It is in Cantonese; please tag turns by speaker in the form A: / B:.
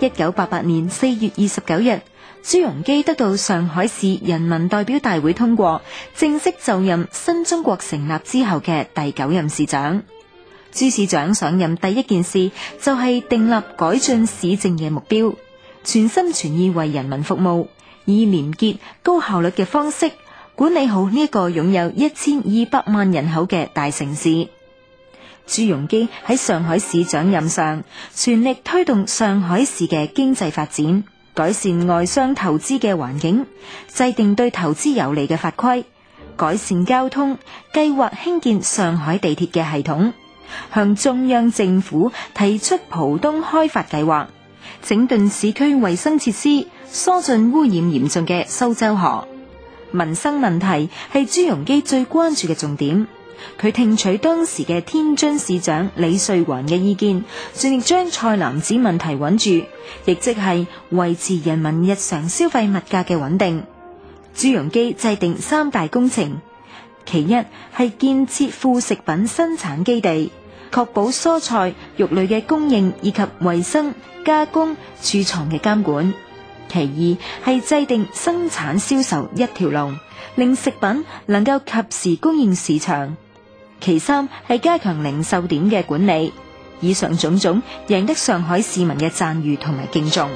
A: 一九八八年四月二十九日，朱鎔基得到上海市人民代表大會通過，正式就任新中國成立之後嘅第九任市長。朱市長上任第一件事就係、是、訂立改進市政嘅目標，全心全意為人民服務，以廉潔、高效率嘅方式管理好呢個擁有一千二百萬人口嘅大城市。朱鎔基喺上海市長任上，全力推動上海市嘅經濟發展，改善外商投資嘅環境，制定對投資有利嘅法規，改善交通，計劃興建上海地鐵嘅系統，向中央政府提出浦東開發計劃，整頓市區衛生設施，疏浚污染嚴重嘅蘇州河。民生問題係朱鎔基最關注嘅重點。佢聽取當時嘅天津市長李瑞環嘅意見，盡力將菜籃子問題穩住，亦即係維持人民日常消費物價嘅穩定。朱鎔基制定三大工程，其一係建設副食品生產基地，確保蔬菜、肉類嘅供應以及衛生、加工、儲藏嘅監管；其二係制定生產銷售一條龍，令食品能夠及時供應市場。其三係加強零售點嘅管理，以上種種贏得上海市民嘅讚譽同埋敬重。